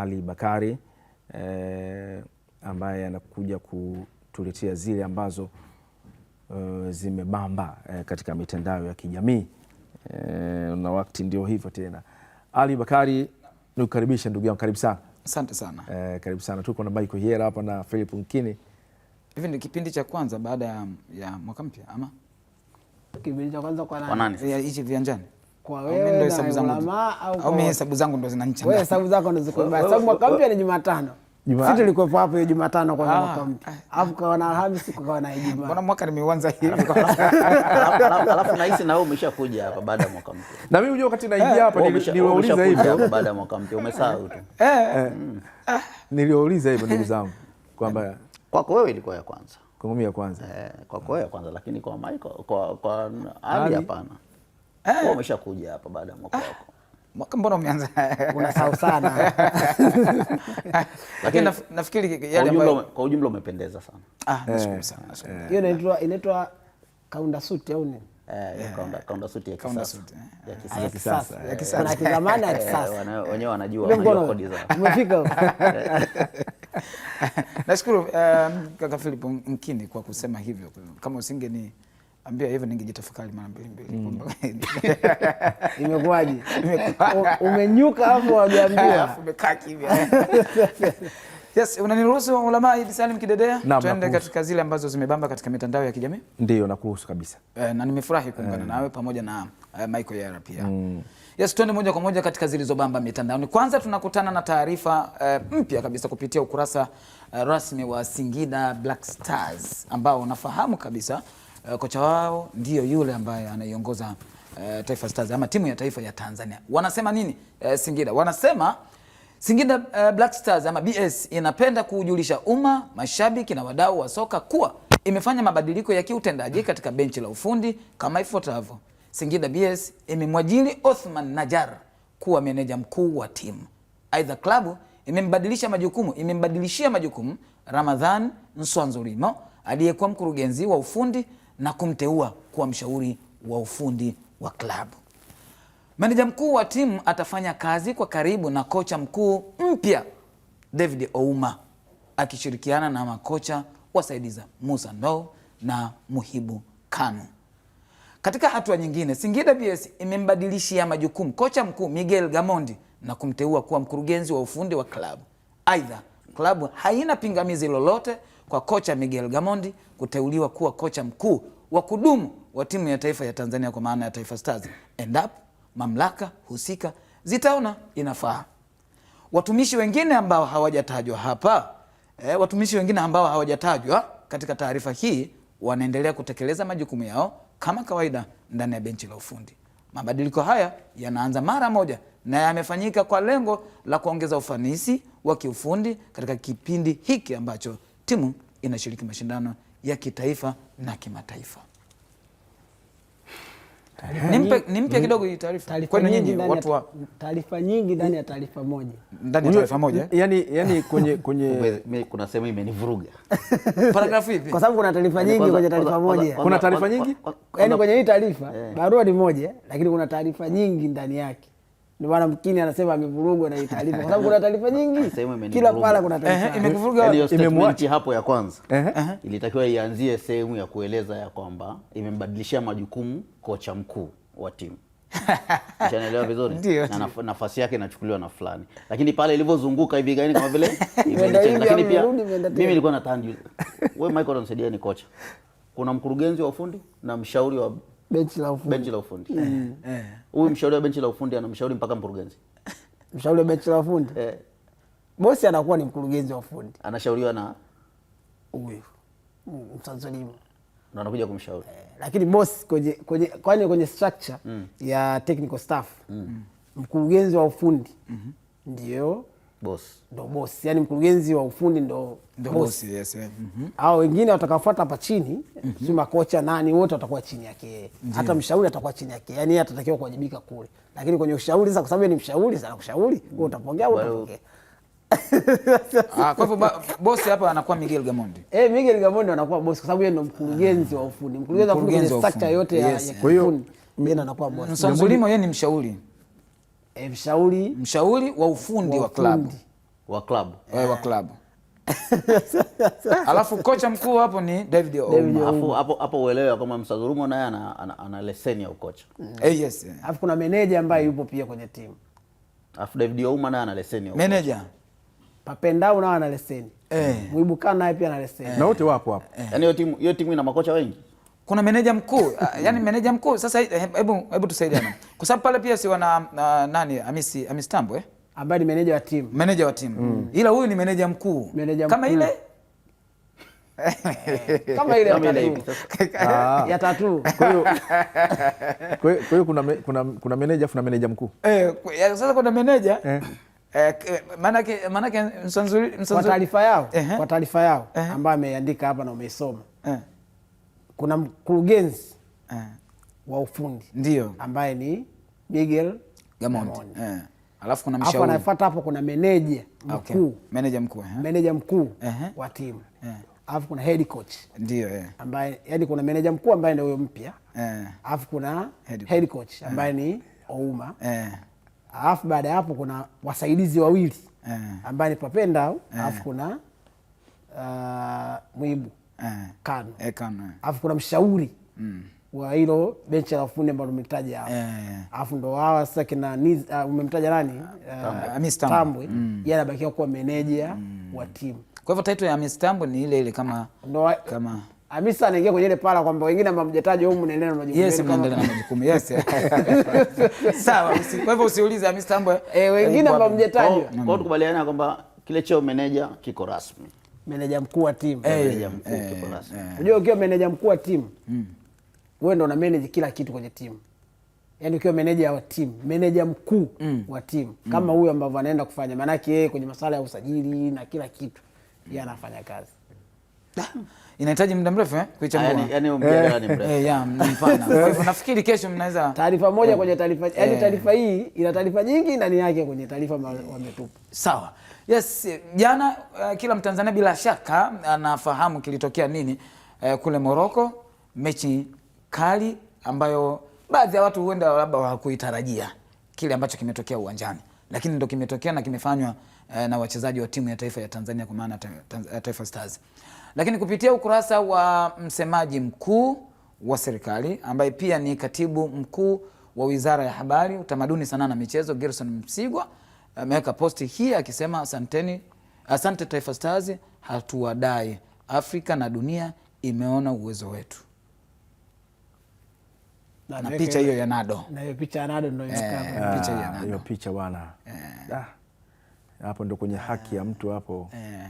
Ali Bakari eh, ambaye anakuja kutuletea zile ambazo eh, zimebamba eh, katika mitandao ya kijamii eh, na wakati ndio hivyo tena. Ali Bakari, nikukaribisha ndugu yangu, karibu sana. Asante sana. Eh, karibu sana. Tuko na Michael Hiera hapa na Philip Nkini. Hivi ni kipindi cha kwanza baada ya, ya mwaka mpya ama kipindi cha kwanza kwa nani? Hichi viwanjani kwa wewe na hesabu zangu au kwa mimi? Hesabu zangu ndo zinanichanganya. Wewe hesabu zako ndo ziko mbaya, sababu mwaka mpya ni Jumatano. Sisi tulikuwa hapo hiyo Jumatano kwa ah, mwaka mpya. Ah, alafu kwa na Alhamisi kwa na Ijumaa. Mbona mwaka nimeanza hivi? Alafu na hisi na wewe umeshakuja hapa baada ya mwaka mpya. Na mimi unajua wakati naingia eh, hapa niliwauliza hivi hapa baada ya mwaka mpya umesahau tu. Eh, eh. eh. Niliwauliza hivi ndugu zangu kwamba kwako wewe ilikuwa ya kwanza. Kwa mimi ya kwanza. Eh, kwako ya kwanza lakini kwa Michael kwa kwa Ali hapana. Eh. Wewe umeshakuja hapa baada ya mwaka eh. wako. Mwaka mbona umeanza? Unasahau sana. Lakini nafikiri yale ambayo kwa ujumla umependeza sana. Ah, eh. nashukuru sana. Hiyo inaitwa inaitwa kaunda suit au nini? ya kisasa ah, ya ya kisasa, Nashukuru um, kaka Philip Mkini kwa kusema hivyo, kama usingeni ambia hivyo ningejitafakari mara mbili mbili, mm. imekuaje Umenyuka hapo, wajaambiwa umekaa kimya. Yes, unaniruhusu ulama Idi Salim Kidedea, tuende katika zile ambazo zimebamba katika mitandao ya kijamii. Ndio, nakuhusu kabisa. E, na nimefurahi kuungana e, nawe pamoja na uh, Michael Yara pia mm. Yes, tuende moja kwa moja katika zilizobamba mitandaoni. Kwanza tunakutana na taarifa uh, mpya kabisa kupitia ukurasa uh, rasmi wa Singida Black Stars ambao unafahamu kabisa uh, kocha wao ndiyo yule ambaye anaiongoza uh, Taifa Stars ama timu ya taifa ya Tanzania. Wanasema nini uh, Singida? Wanasema Singida uh, Black Stars ama BS inapenda kujulisha umma, mashabiki na wadau wa soka kuwa imefanya mabadiliko ya kiutendaji katika benchi la ufundi kama ifuatavyo. Singida BS imemwajiri Othman Najar kuwa meneja mkuu wa timu. Aidha, klabu imembadilisha majukumu imembadilishia majukumu Ramadhan Nswanzurimo aliyekuwa mkurugenzi wa ufundi na kumteua kuwa mshauri wa ufundi wa klabu. Meneja mkuu wa timu atafanya kazi kwa karibu na kocha mkuu mpya David Ouma akishirikiana na makocha wasaidiza Musa Ndo na Muhibu Kanu. Katika hatua nyingine, Singida BS imembadilishia majukumu kocha mkuu Miguel Gamondi na kumteua kuwa mkurugenzi wa ufundi wa klabu. Aidha, klabu haina pingamizi lolote kwa kocha Miguel Gamondi kuteuliwa kuwa kocha mkuu wa kudumu wa timu ya taifa ya Tanzania kwa maana ya Taifa Stars endapo mamlaka husika zitaona inafaa. Watumishi wengine ambao hawajatajwa hapa e, watumishi wengine ambao hawajatajwa katika taarifa hii wanaendelea kutekeleza majukumu yao kama kawaida ndani ya benchi la ufundi. Mabadiliko haya yanaanza mara moja na yamefanyika kwa lengo la kuongeza ufanisi wa kiufundi katika kipindi hiki ambacho timu inashiriki mashindano ya kitaifa na kimataifa. Nimpe, nimpe kidogo hii taarifa kwenu nyinyi watu wa taarifa nyingi ndani ya taarifa moja ndani ya taarifa moja Yaani yaani kwenye kwenye mimi kuna sehemu imenivuruga paragrafu ipi? Kwa sababu kuna taarifa yaani nyingi kwenye taarifa moja, kuna taarifa nyingi Yaani kwenye hii taarifa eh. barua ni moja, lakini kuna taarifa nyingi ndani yake. Ndio maana mkini anasema amevurugwa na taarifa, kwa sababu kuna taarifa nyingi, kila pala kuna taarifa imevuruga. Hiyo statement hapo ya kwanza ilitakiwa ianzie sehemu ya kueleza ya kwamba imembadilishia majukumu kocha mkuu wa timu Ushanielewa vizuri na nafasi yake inachukuliwa na fulani, lakini pale ilivyozunguka hivi gani kama vile lakini pia mimi nilikuwa nataka wewe Michael, unasaidia ni kocha, kuna mkurugenzi wa ufundi na mshauri wa benchi la ufundi, benchi la ufundi. Eh, eh, eh. Huyu mshauri wa benchi la ufundi anamshauri mpaka mkurugenzi. Mshauri wa benchi la ufundi eh, bosi anakuwa ni mkurugenzi wa ufundi, anashauriwa na huyu mtanzania mm, na anakuja kumshauri eh, lakini bosi kwenye kwenye kwani kwenye structure mm. ya technical staff mm. mkurugenzi wa ufundi mm -hmm. ndio boss ndo boss, yani mkurugenzi wa ufundi ndo ndo boss. Yes, yeah. mm -hmm. Au wengine watakafuata hapa chini mm -hmm. si makocha nani wote watakuwa chini yake, hata mshauri atakuwa chini yake, yani yeye atatakiwa kuwajibika kule, lakini kwenye ushauri sasa, kwa sababu ni mshauri sana, kushauri wewe mm. utapongea au utapongea. ah, kwa hivyo bosi hapa anakuwa Miguel Gamondi. Eh, Miguel Gamondi anakuwa bosi kwa sababu yeye ndo mkurugenzi wa ufundi, mkurugenzi wa ufundi, structure yote ya ufundi, yeye anakuwa bosi. Msolimo yeye ni mshauri e, mshauri mshauri wa ufundi wa klabu wa klabu wa klabu eh, alafu kocha mkuu hapo ni David Ouma. Hapo hapo uelewe kwamba Musa naye ana, ana, ana leseni ya ukocha mm. eh, yes, Alafu kuna meneja ambaye yupo pia kwenye timu alafu David Ouma naye ana leseni ya ukocha. Meneja nao ana leseni eh. Mwibukana naye pia ana leseni eh. na wote wapo hapo eh. Yaani hiyo timu hiyo timu ina makocha wengi kuna meneja mkuu ah, yani meneja mkuu sasa, eh, hebu hebu tusaidiane kwa sababu pale pia si wana na, ah, nani amisi amistambo eh, ambaye ni meneja wa timu meneja wa timu mm. ila huyu ni meneja mkuu meneja kama mkuu. ile kama ile ya ah. tatu. Kwa hiyo kwa hiyo kuna kuna kuna meneja afu na meneja mkuu eh, kwa, sasa kuna meneja eh. Eh, manake manake msanzuri kwa taarifa yao eh, kwa taarifa yao eh, ambayo ameandika hapa na umeisoma eh kuna mkurugenzi eh, wa ufundi ndio ambaye ni Miguel Gamond eh. Alafu kuna mshauri hapo anafuata hapo, kuna meneja mkuu okay. meneja mkuu, eh. meneja mkuu eh, wa timu eh. alafu kuna head coach ndio eh, ambaye yani, kuna meneja mkuu ambaye ndio huyo mpya eh, alafu kuna head, coach, head coach ambaye eh, ni Ouma eh, alafu baada ya hapo kuna wasaidizi wawili eh, ambaye ni Papendau eh, alafu kuna uh, Mwibu Kano eh, Kano eh. Afu kuna mshauri mm. wa hilo benchi la ufundi ambalo umetaja hapo, eh, Afu ndo hawa sasa kina uh, umemtaja nani, uh, uh, Tambwe, mm. yeye anabakiwa kuwa meneja mm. wa timu. Kwa hivyo title ya Miss Tambwe ni ile ile kama no, kama Hamisa anaingia kwenye ile pala kwamba wengine ambao mjataji huko mnaendelea na majukumu. Yes, mnaendelea na majukumu. Yes. Sawa, kwa hivyo usiulize Hamisa Tambwe. Eh, wengine ambao mjataji. Kwa hiyo tukubaliana kwamba kile cheo meneja kiko rasmi meneja mkuu wa timu. Eh, eh, eh. Unajua ukiwa meneja mkuu wa timu mm. wewe ndo una manage kila kitu kwenye timu, yaani ukiwa meneja wa timu, meneja mkuu mm. wa timu mm. kama huyo mm. ambavyo anaenda kufanya, maanake yeye kwenye masuala ya usajili na kila kitu yeye mm. anafanya kazi inahitaji muda mrefu eh, kuichambua yani, yani mjadala ni yaani mrefu eh, yeah, mpana. Kwa hivyo nafikiri kesho mnaweza taarifa moja kwenye taarifa, yani taarifa hii ina taarifa nyingi ndani yake kwenye taarifa wametupa. Sawa. Yes, jana uh, kila Mtanzania bila shaka anafahamu kilitokea nini uh, kule Morocco, mechi kali ambayo baadhi ya watu huenda labda hawakuitarajia kile ambacho kimetokea uwanjani, lakini ndo kimetokea na kimefanywa uh, na wachezaji wa timu ya taifa ya Tanzania kwa maana Taifa Stars. Lakini kupitia ukurasa wa msemaji mkuu wa serikali ambaye pia ni katibu mkuu wa Wizara ya Habari, Utamaduni, Sanaa na Michezo, Gerson Msigwa ameweka posti hii akisema asanteni, asante Taifa Stars, hatuwadai. Afrika na dunia imeona uwezo wetu na, na picha hiyo ya Nado hiyo picha bwana, eh. ah, hapo ndo kwenye haki ya mtu hapo eh.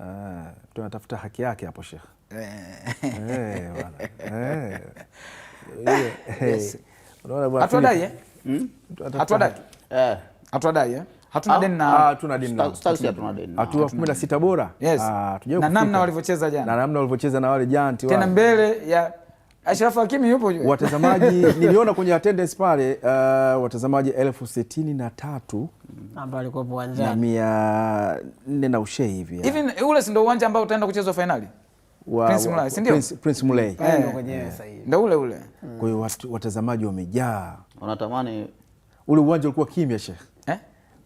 Ah, tunatafuta haki yake hapo Sheikh eh. Eh, hatuadai hmm? hatuadai hatuna ah, deni ah, na hatuna deni na hatua 16 bora yes. Ah, na namna walivyocheza jana na namna walivyocheza na wale janti tena mbele ya Ashraf Hakimi yupo juu. Watazamaji niliona kwenye attendance pale uh, watazamaji elfu sitini na tatu ambao walikuwa uwanjani na mia nne na ushe hivi. Hivi ule si ndio uwanja ambao utaenda kuchezwa finali? Wa, Prince Mulay, si ndio? Prince Prince Mulay. Mulai. Eh. Ndio ule ule. Kwa hiyo watazamaji wamejaa. Wanatamani ule uwanja ulikuwa kimya Sheikh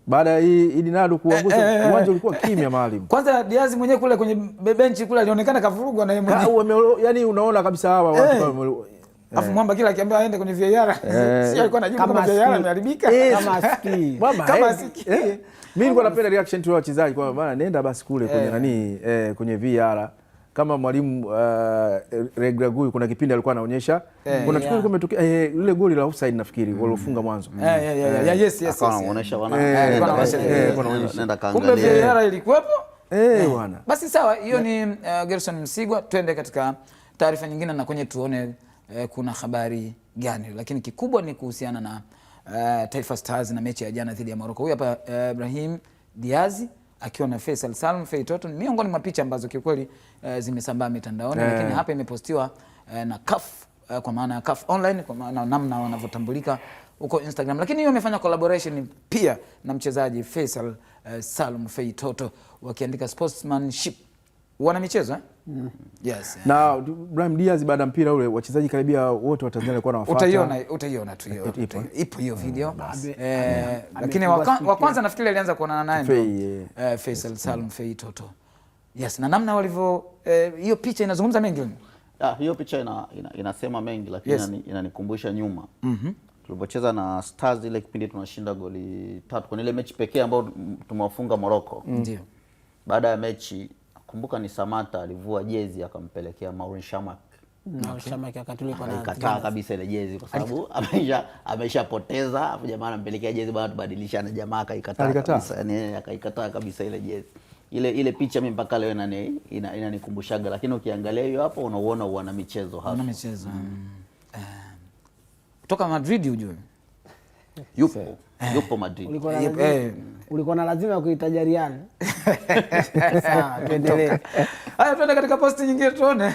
baada ya hii Idi Nado kuangusha eh, eh, eh uwanja eh. ulikuwa kimya maalim. Kwanza Diazi mwenyewe kule kwenye benchi kule alionekana kavurugwa na yeye mwenyewe. Yaani unaona kabisa hawa watu eh. eh. Afu mwamba kila akiambia aende kwenye VAR. Sio alikuwa anajua kama VAR imeharibika kama asikii. Kama asikii. Mimi nilikuwa napenda reaction tu ya wachezaji kwa maana nenda basi kule kwenye nani eh, kwenye VAR kama mwalimu uh, eh, Regragui kuna kipindi alikuwa anaonyesha eh, yeah, kuna tukio yeah. eh, lile goli la offside nafikiri mm. walofunga mwanzo yes, anaonyesha bwana eh, kaangalia, kumbe ilikuwepo eh bwana. Basi sawa, hiyo ni uh, Gerson Msigwa. Twende katika taarifa nyingine na kwenye tuone kuna habari gani, lakini kikubwa ni kuhusiana na uh, Taifa Stars na mechi ya jana dhidi ya Morocco. Huyu hapa uh, Ibrahim Diazi akiwa na Faisal Salum Feitoto, miongoni mwa picha ambazo kiukweli e, zimesambaa mitandaoni yeah. Lakini hapa imepostiwa e, na CAF e, kwa maana ya CAF online kwa maana namna wanavyotambulika huko Instagram, lakini hiyo amefanya collaboration pia na mchezaji Faisal e, Salum Feitoto wakiandika sportsmanship wana michezo eh? Mm. Yes, yeah. Na Brahim Diaz baada ya mpira ule wachezaji karibia wote wa Tanzania walikuwa wanawafuata. Utaiona, utaiona tu hiyo. Ipo hiyo mm, video. Eh, lakini wa kwanza nafikiri alianza kuonana naye. Eh, Faisal mm. Salum Fei Toto. Yes, na namna walivyo eh, hiyo picha inazungumza mengi. Ah, hiyo picha ina, ina, inasema mengi lakini Inanikumbusha nyuma. Mhm. tulipocheza na Stars ile kipindi tunashinda goli tatu kwa ile mechi pekee ambayo tumewafunga Morocco. Ndio. Mm. Baada ya mechi nakumbuka ni Samata alivua jezi akampelekea Maureen Shamak mm, ikataa kabisa ile jezi kwa sababu ameshapoteza, afu jamaa anampelekea jezi bwana, tubadilishane. Jamaa akaikataa kabisa, yani akaikataa kabisa ile jezi. Ile ile picha mimi mpaka leo inani inanikumbushaga, lakini ukiangalia hiyo hapo unauona wana michezo hapo, wana michezo mm. eh. kutoka Madrid ujue yupo eh, yupo Madrid. Ulikuwa na eh. lazima ya kuitaja Real. Sawa, tuendelee. Haya, tuende katika posti nyingine tuone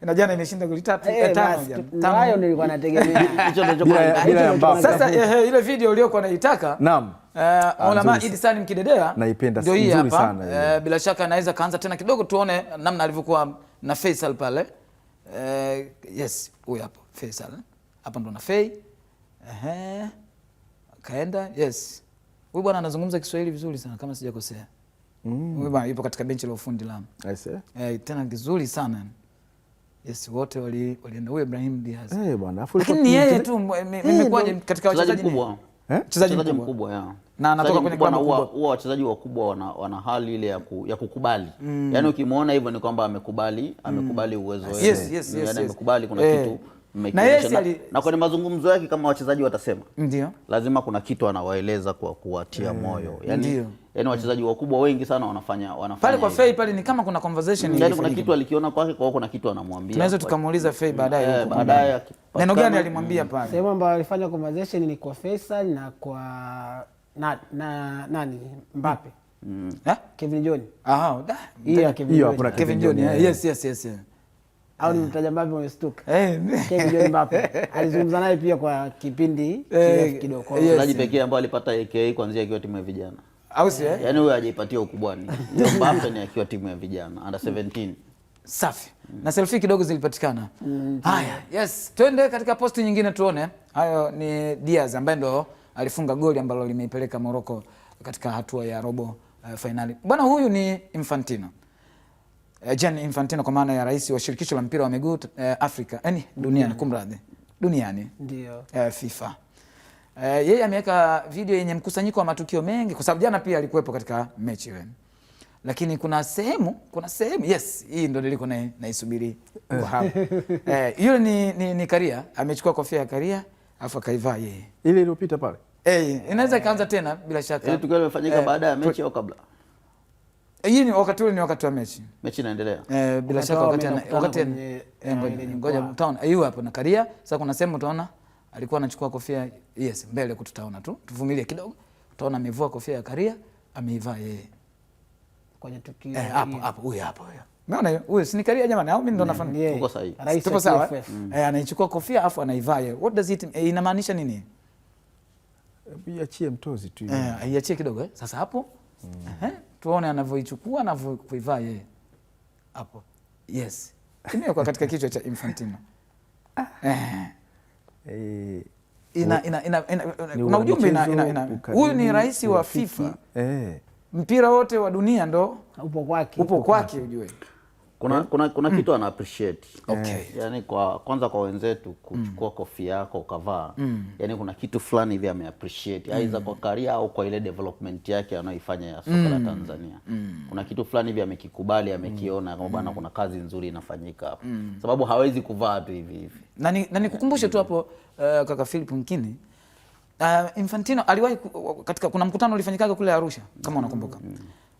na jana imeshinda goli tatu eh, tano. Hayo nilikuwa nategemea. Sasa eh, ile video uliokuwa naitaka naam, ah, Olamah Idi Sani Mkidedea naipenda sana. uh, Bila shaka anaweza kaanza tena kidogo, tuone namna alivyokuwa na Faisal pale. uh, Yes, huyu hapo Faisal hapa ndo na Fei. uh -huh kaenda yes. Huyu bwana anazungumza Kiswahili vizuri sana kama sijakosea. Mm. Huyu bwana yupo katika benchi la ufundi la. I see. Eh, tena kizuri sana. Yes, wote wali walienda huyo Ibrahim Diaz. Eh, bwana, afu lakini ni yeye tu nimekuwaje eh, katika wachezaji mkubwa. Eh? Mchezaji mkubwa ya. Na anatoka kwenye klabu kubwa. Huwa wachezaji wakubwa wana, wana hali ile ya, ku, ya kukubali. Mm. Yaani ukimuona hivyo ni kwamba amekubali, amekubali mm. uwezo wake. Yes, yes, yes, Yaani Amekubali kuna eh. kitu na, yes, na, na kwenye mazungumzo yake kama wachezaji watasema ndio, lazima kuna kitu anawaeleza kwa kuwatia mm, moyo yani, yani wachezaji wakubwa wengi sana wanafanya wanafanya pale kwa Fei pale, ni kama kuna conversation mm, yani kuna kitu alikiona kwake, kwa kuna kitu anamwambia. Tunaweza tukamuuliza Fei baadaye yeah, baadaye neno gani alimwambia mm, pale sehemu ambayo alifanya conversation ni kwa Faisal na kwa na, na nani Mbappe mm. Eh? Kevin John, aha, da hiyo Kevin John, yes yes yes au ni nimtaja eh. Mbappe umestuka. King John Mbappe alizungumza naye pia kwa kipindi eh. kidogo, mchezaji pekee ambaye alipata AKA kuanzia akiwa timu ya vijana, au si eh? Yaani huyo hajaipatia ukubwani. Mbappe ni akiwa timu ya vijana under 17. Safi mm. na selfie kidogo zilipatikana mm. Haya, yes, twende katika posti nyingine tuone. Hayo ni Diaz ambaye ndo alifunga goli ambalo limeipeleka Morocco katika hatua ya robo uh, finali. Bwana huyu ni Infantino Eh, Jan Infantino kwa maana ya rais wa shirikisho la mpira wa miguu eh, Afrika yani duniani, mm. kumradhi duniani, ndio eh, FIFA eh, yeye ameweka video yenye mkusanyiko wa matukio mengi, kwa sababu jana pia alikuwepo katika mechi wen, lakini kuna sehemu kuna sehemu yes, hii ndo niliko na naisubiri kwa hamu eh, yule ni, ni, ni Karia amechukua kofia ya Karia afu akaivaa yeye ile iliyopita pale eh, inaweza ikaanza tena bila shaka ile yaani tukio limefanyika eh, baada ya mechi au kabla Eh, hii ni wakati ule ni wakati wa mechi. Mechi inaendelea. Eh, bila shaka wakati ana wakati eh, ngoja mtaona. Hiyo hapo na Karia. Sasa kuna sehemu utaona alikuwa anachukua kofia yes mbele huko tutaona tu. Tuvumilie kidogo. Utaona amevua kofia ya Karia, ameivaa yeye. Kwenye tukio. Eh, hapo hapo huyo hapo huyo Unaona hiyo? huyo si ni Karia jamani au mimi ndo nafanya? Tuko sahihi. Tuko sawa. Mm. Eh, anaichukua kofia afu anaivaa yeye. What does it eh, inamaanisha nini? Iachie mtozi tu. Eh, iachie kidogo eh. Sasa hapo. Eh tuone anavyoichukua anavyokuivaa yeye hapo. Yes, imewekwa katika kichwa cha Infantino ah. eh, na ujumbe huyu ni rais wa FIFA, FIFA. Eh. Mpira wote wa dunia ndo upo kwake, upo kwake ujue kuna, yeah. kuna, kuna mm. kitu ana appreciate okay. Eh, yani kwa kwanza kwa wenzetu kuchukua mm. kofia yako ukavaa mm. yani kuna kitu fulani hivi ame appreciate mm. kwa career au kwa ile development yake anayoifanya ya soka mm. la Tanzania mm. kuna kitu fulani hivi amekikubali amekiona kama bwana mm. kuna kazi nzuri inafanyika hapo mm. sababu hawezi kuvaa tu hivi hivi na nikukumbushe yeah. tu hapo uh, kaka Philip Mkini uh, Infantino aliwahi katika kuna mkutano ulifanyikaga kule Arusha kama mm. unakumbuka mm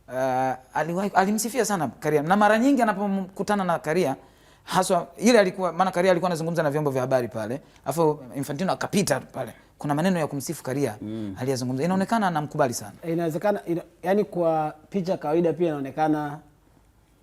uh, alimsifia sana Karia na mara nyingi anapokutana na Karia haswa ile alikuwa maana Karia alikuwa anazungumza na vyombo vya habari pale, afu Infantino akapita pale, kuna maneno ya kumsifu Karia mm. aliyazungumza, inaonekana anamkubali sana. Inawezekana ina, yani kwa picha kawaida pia inaonekana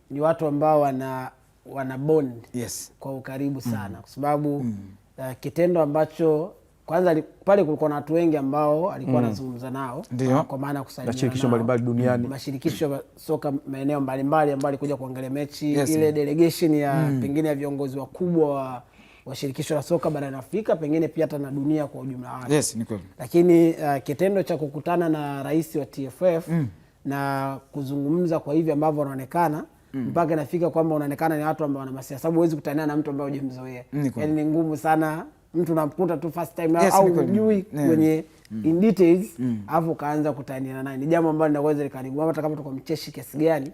ni watu ambao wana wana bond yes. kwa ukaribu sana mm. kwa sababu mm. uh, kitendo ambacho kwanza pale kulikuwa na watu wengi ambao alikuwa mm. anazungumza mm. nao Ndiyo. kwa maana kusaidia mashirikisho mbalimbali duniani mm. mashirikisho ya soka maeneo mbalimbali ambao alikuja kuangalia mechi yes, ile delegation ya mm. pengine ya viongozi wakubwa wa, wa shirikisho la soka barani Afrika pengine pia hata na dunia kwa ujumla wake yes, ni kweli. Lakini uh, kitendo cha kukutana na rais wa TFF mm. na kuzungumza kwa hivi ambavyo wanaonekana mm. mpaka mm. inafika kwamba unaonekana ni watu ambao wana masiasa, sababu huwezi kutania na mtu ambaye hujamzoea, yaani ni ngumu sana mtu namkuta tu first time yes, au hujui kwenye yeah. Mm. in details mm. alafu kaanza kutaniana naye, ni jambo ambalo linaweza likanibu, hata kama tuko mcheshi kiasi gani,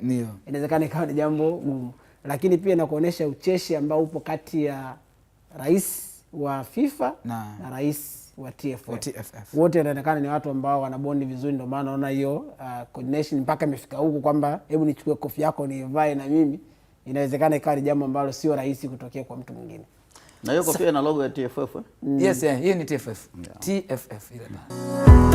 inawezekana ikawa ni jambo gumu, lakini pia inakuonyesha ucheshi ambao upo kati ya rais wa FIFA na, na rais wa TFF wote wanaonekana ni watu ambao wanabondi vizuri, ndio maana naona hiyo uh, coordination mpaka imefika huku kwamba hebu nichukue kofi yako niivae na mimi. Inawezekana ikawa ni jambo ambalo sio rahisi kutokea kwa mtu mwingine na hiyo kofia ina logo ya TFF eh? Yes, yeah, hii ni TFF. Yeah. TFF ile bana.